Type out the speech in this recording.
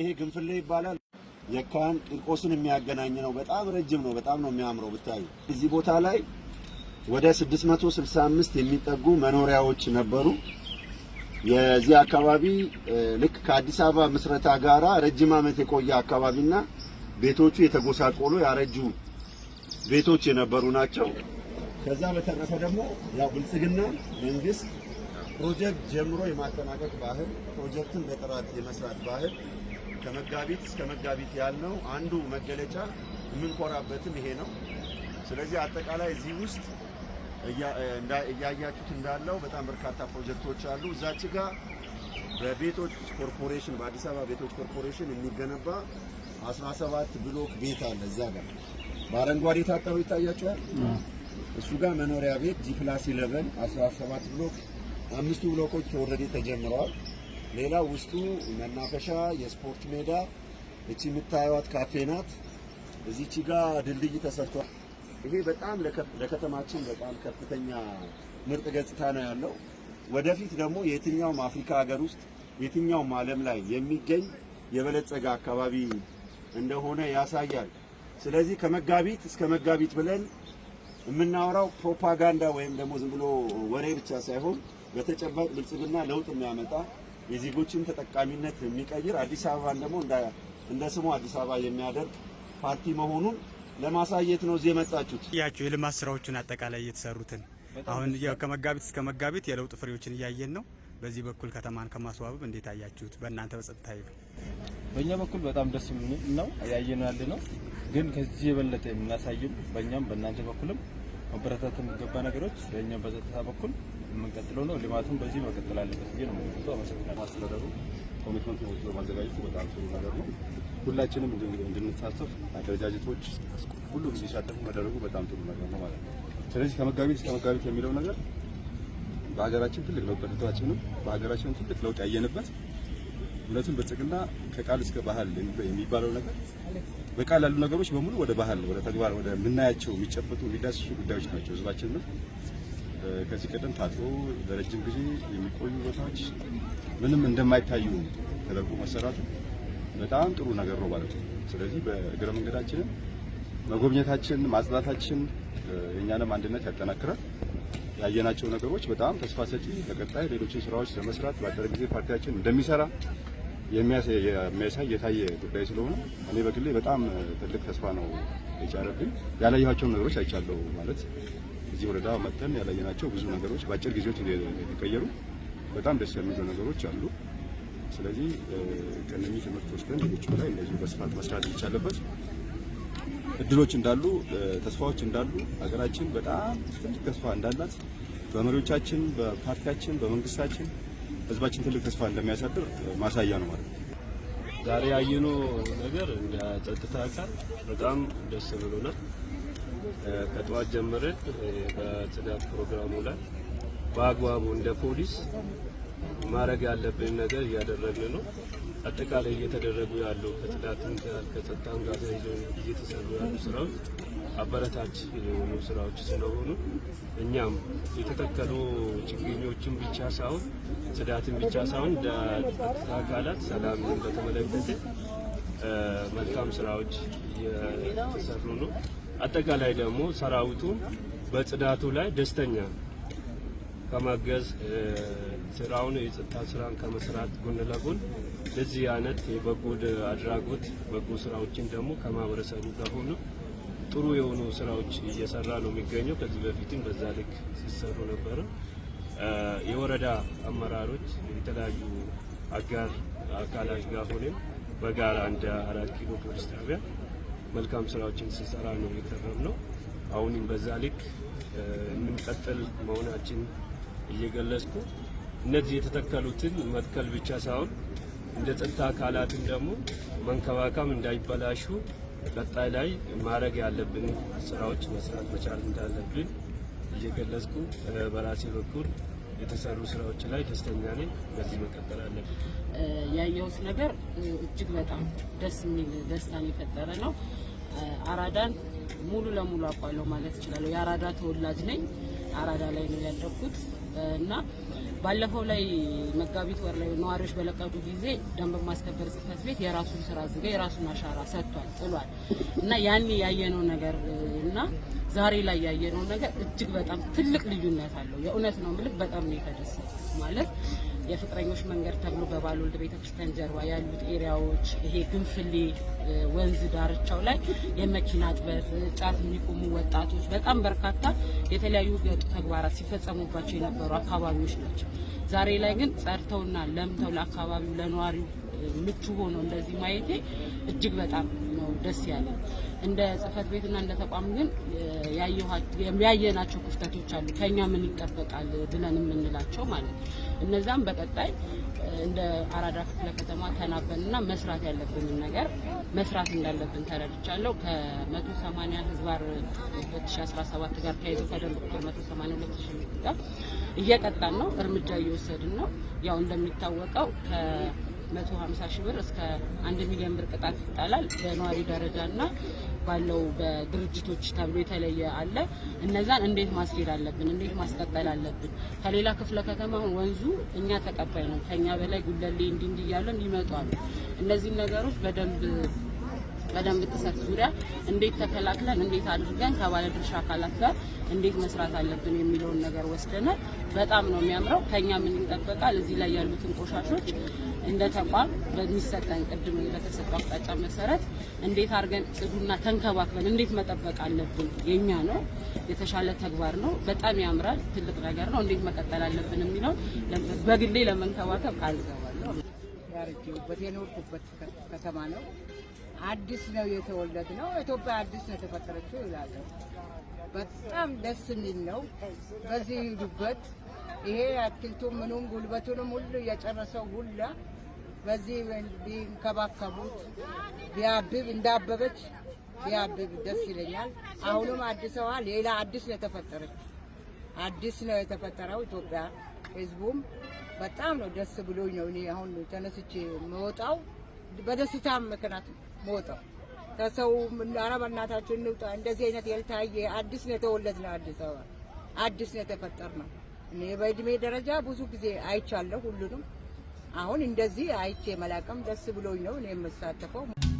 ይሄ ግንፍሌ ይባላል። የካን ቂርቆስን የሚያገናኝ ነው። በጣም ረጅም ነው። በጣም ነው የሚያምረው ብታዩ። እዚህ ቦታ ላይ ወደ 665 የሚጠጉ መኖሪያዎች ነበሩ። የዚህ አካባቢ ልክ ከአዲስ አበባ ምስረታ ጋራ ረጅም ዓመት የቆየ አካባቢና ቤቶቹ የተጎሳቆሉ ያረጁ ቤቶች የነበሩ ናቸው። ከዛ በተረፈ ደግሞ ያው ብልጽግና መንግስት ፕሮጀክት ጀምሮ የማጠናቀቅ ባህል፣ ፕሮጀክትን በጥራት የመስራት ባህል ከመጋቢት እስከ መጋቢት ያልነው አንዱ መገለጫ የምንኮራበትም ይሄ ነው። ስለዚህ አጠቃላይ እዚህ ውስጥ እያያችሁት እንዳለው በጣም በርካታ ፕሮጀክቶች አሉ። እዛች ጋ በቤቶች ኮርፖሬሽን በአዲስ አበባ ቤቶች ኮርፖሬሽን የሚገነባ 17 ብሎክ ቤት አለ። እዛ ጋር በአረንጓዴ የታጠሩ ይታያቸዋል። እሱ ጋር መኖሪያ ቤት ጂፕላስ ኢለቨን 17 ብሎክ አምስቱ ብሎኮች ተወረዴ ተጀምረዋል። ሌላ ውስጡ መናፈሻ፣ የስፖርት ሜዳ፣ እቺ የምታዩት ካፌ ናት። እዚቺ ጋር ድልድይ ተሰርቷል። ይሄ በጣም ለከተማችን በጣም ከፍተኛ ምርጥ ገጽታ ነው ያለው። ወደፊት ደግሞ የትኛውም አፍሪካ ሀገር ውስጥ የትኛውም ዓለም ላይ የሚገኝ የበለጸገ አካባቢ እንደሆነ ያሳያል። ስለዚህ ከመጋቢት እስከ መጋቢት ብለን የምናወራው ፕሮፓጋንዳ ወይም ደግሞ ዝም ብሎ ወሬ ብቻ ሳይሆን በተጨባጭ ብልጽግና ለውጥ የሚያመጣ የዜጎችን ተጠቃሚነት የሚቀይር አዲስ አበባን ደግሞ እንደ ስሙ አዲስ አበባ የሚያደርግ ፓርቲ መሆኑን ለማሳየት ነው እዚህ የመጣችሁት። ያችሁ የልማት ስራዎችን አጠቃላይ እየተሰሩትን አሁን ከመጋቢት እስከ መጋቢት የለውጥ ፍሬዎችን እያየን ነው። በዚህ በኩል ከተማን ከማስዋብ እንዴት አያችሁት? በእናንተ በጸጥታ ይሉ በእኛ በኩል በጣም ደስ ነው ያየናል ነው ግን ከዚህ የበለጠ የምናሳይም በእኛም በእናንተ በኩልም መበረታት የሚገባ ነገሮች ለእኛ በጸጥታ በኩል የምንቀጥለው ነው። ልማቱን በዚህ መቀጠል አለበት ብዬ ነው የሚገባ። አመሰግናለሁ። አስተዳደሩ ኮሚትመንት ወስዶ ማዘጋጀቱ በጣም ጥሩ ነገር ነው። ሁላችንም እንድንሳተፍ አደረጃጀቶች ሁሉም እንዲሳተፉ መደረጉ በጣም ጥሩ ነገር ነው ማለት ነው። ስለዚህ ከመጋቢት እስከ መጋቢት የሚለው ነገር በሀገራችን ትልቅ ለውጥ በህዝባችንም በሀገራችን ትልቅ ለውጥ ያየንበት እውነቱን ብልጽግና ከቃል እስከ ባህል የሚባለው ነገር በቃል ያሉ ነገሮች በሙሉ ወደ ባህል፣ ወደ ተግባር፣ ወደ ምናያቸው የሚጨበጡ የሚዳስሱ ጉዳዮች ናቸው። ህዝባችን ከዚህ ቀደም ታጥሮ ለረጅም ጊዜ የሚቆዩ ቦታዎች ምንም እንደማይታዩ ተደርጎ መሰራቱ በጣም ጥሩ ነገር ነው ማለት ነው። ስለዚህ በእግረ መንገዳችንን መጎብኘታችን፣ ማጽዳታችን የእኛንም አንድነት ያጠናክራል። ያየናቸው ነገሮች በጣም ተስፋ ሰጪ፣ በቀጣይ ሌሎችን ስራዎች ለመስራት በአጭር ጊዜ ፓርቲያችን እንደሚሰራ የሚያሳይ የታየ ጉዳይ ስለሆነ እኔ በግሌ በጣም ትልቅ ተስፋ ነው የጫረብኝ። ያላየኋቸውን ነገሮች አይቻለሁ ማለት እዚህ ወረዳ መጥተን ያላየናቸው ብዙ ነገሮች በአጭር ጊዜዎች የተቀየሩ በጣም ደስ የሚሉ ነገሮች አሉ። ስለዚህ ከነኚህ ትምህርት ወስደን ሌሎች ላይ እንደዚሁ በስፋት መስራት የሚቻለበት እድሎች እንዳሉ ተስፋዎች እንዳሉ ሀገራችን በጣም ትልቅ ተስፋ እንዳላት በመሪዎቻችን፣ በፓርቲያችን፣ በመንግስታችን ህዝባችን ትልቅ ተስፋ እንደሚያሳድር ማሳያ ነው ማለት ነው። ዛሬ ያየነው ነገር እንደ ጸጥታ አካል በጣም ደስ ብሎናል። ከጠዋት ጀምረን በጽዳት ፕሮግራሙ ላይ በአግባቡ እንደ ፖሊስ ማድረግ ያለብን ነገር እያደረግን ነው። አጠቃላይ እየተደረጉ ያሉ ከጽዳትም ጋር ከጸጥታም ጋር ተይዞ እየተሰሩ ያሉ ስራዎች አበረታች የሆኑ ስራዎች ስለሆኑ እኛም የተተከሉ ችግኞችን ብቻ ሳይሆን ጽዳትን ብቻ ሳይሆን ለጸጥታ አካላት ሰላምን በተመለከተ መልካም ስራዎች እየተሰሩ ነው። አጠቃላይ ደግሞ ሰራዊቱ በጽዳቱ ላይ ደስተኛ ከማገዝ ስራውን የጸጥታ ስራን ከመስራት ጎን ለጎን ለዚህ አይነት የበጎ አድራጎት በጎ ስራዎችን ደግሞ ከማህበረሰቡ ጋር ሆኖ ጥሩ የሆኑ ስራዎች እየሰራ ነው የሚገኘው። ከዚህ በፊትም በዛ ልክ ሲሰሩ ነበረ። የወረዳ አመራሮች የተለያዩ አጋር አካላት ጋር ሆነን በጋራ አንድ አራት ኪሎ ፖሊስ ጣቢያ መልካም ስራዎችን ስንሰራ ነው የከረም ነው። አሁንም በዛ ልክ የምንቀጥል መሆናችን እየገለጽኩ እነዚህ የተተከሉትን መትከል ብቻ ሳይሆን እንደ ጸጥታ አካላትን ደግሞ መንከባከብ እንዳይበላሹ ቀጣይ ላይ ማድረግ ያለብን ስራዎች መስራት መቻል እንዳለብን እየገለጽኩ በራሴ በኩል የተሰሩ ስራዎች ላይ ደስተኛ ነኝ። በዚህ መቀጠል አለብን። ያየሁት ነገር እጅግ በጣም ደስ የሚል ደስታን የፈጠረ ነው። አራዳን ሙሉ ለሙሉ አውቃለሁ ማለት እችላለሁ። የአራዳ ተወላጅ ነኝ። አራዳ ላይ ነው ያደግኩት እና ባለፈው ላይ መጋቢት ወር ላይ ነዋሪዎች በለቀቁ ጊዜ ደንብ ማስከበር ጽፈት ቤት የራሱን ስራ ዝጋ የራሱን አሻራ ሰጥቷል ጥሏል እና ያኔ ያየነው ነገር እና ዛሬ ላይ ያየነው ነገር እጅግ በጣም ትልቅ ልዩነት አለው። የእውነት ነው ምልክ በጣም ነው የተደሰት ማለት የፍቅረኞች መንገድ ተብሎ በባልወልድ ቤተክርስቲያን ጀርባ ያሉት ኤሪያዎች ይሄ ግንፍሌ ወንዝ ዳርቻው ላይ የመኪና ጥበት፣ ጫት የሚቆሙ ወጣቶች በጣም በርካታ የተለያዩ ገጡ ተግባራት ሲፈጸሙባቸው የነበሩ አካባቢዎች ናቸው። ዛሬ ላይ ግን ጸድተውና ለምተው ለአካባቢው ለነዋሪው ምቹ ሆኖ እንደዚህ ማየቴ እጅግ በጣም ደስ ያለ እንደ ጽህፈት ቤትና እንደ ተቋም ግን ያየናቸው ክፍተቶች አሉ። ከኛ ምን ይጠበቃል ብለን የምንላቸው ማለት እነዛም በቀጣይ እንደ አራዳ ክፍለ ከተማ ተናበንና መስራት ያለብንን ነገር መስራት እንዳለብን ተረድቻለሁ። ከ180 ህዝባር 2017 ጋር ተያይዞ ከደንብ ቁጥር 182 ጋር እየቀጣን ነው፣ እርምጃ እየወሰድን ነው። ያው እንደሚታወቀው 150 ሺህ ብር እስከ 1 ሚሊዮን ብር ቅጣት ይጣላል። በነዋሪ ደረጃ እና ባለው በድርጅቶች ተብሎ የተለየ አለ። እነዛን እንዴት ማስኬድ አለብን? እንዴት ማስቀጠል አለብን? ከሌላ ክፍለ ከተማ ወንዙ እኛ ተቀባይ ነው። ከኛ በላይ ጉለሌ እንዲህ እንዲህ እያለን ይመጣሉ። እነዚህን ነገሮች በደንብ በደንብ ጥሰት ዙሪያ እንዴት ተከላክለን እንዴት አድርገን ከባለድርሻ አካላት ጋር እንዴት መስራት አለብን የሚለውን ነገር ወስደናል። በጣም ነው የሚያምረው። ከኛ ምን ይጠበቃል? እዚህ ላይ ያሉትን ቆሻሾች እንደ ተቋም በሚሰጠን ቅድም በተሰጠው አቅጣጫ መሰረት እንዴት አድርገን ጽዱና ተንከባክበን እንዴት መጠበቅ አለብን የኛ ነው። የተሻለ ተግባር ነው። በጣም ያምራል። ትልቅ ነገር ነው። እንዴት መቀጠል አለብን የሚለው በግሌ ለመንከባከብ ቃል ገባለሁ። ያረጀሁበት የኖርኩበት ከተማ ነው። አዲስ ነው የተወለድ ነው ኢትዮጵያ አዲስ ነው የተፈጠረችው ይላሉ። በጣም ደስ የሚል ነው። በዚህ ሂዱበት። ይሄ አትክልቱ ምኑም ጉልበቱንም ሁሉ እየጨረሰው ሁላ በዚህ ቢንከባከቡት ቢያብብ እንዳበበች ቢያብብ ደስ ይለኛል። አሁንም አዲስ ሌላ አዲስ ነው የተፈጠረች አዲስ ነው የተፈጠረው ኢትዮጵያ። ህዝቡም በጣም ነው ደስ ብሎኝ ነው እኔ አሁን ተነስቼ መወጣው በደስታም ምክንያት ነው። ሞተ። ከሰው ኧረ በእናታችን እንውጣ። እንደዚህ አይነት ያልታየ አዲስ ነው የተወለድነው፣ አዲስ አበባ አዲስ ነው የተፈጠርነው። እኔ በእድሜ ደረጃ ብዙ ጊዜ አይቻለሁ ሁሉንም። አሁን እንደዚህ አይቼ መላቀም ደስ ብሎኝ ነው እኔ የምሳተፈው።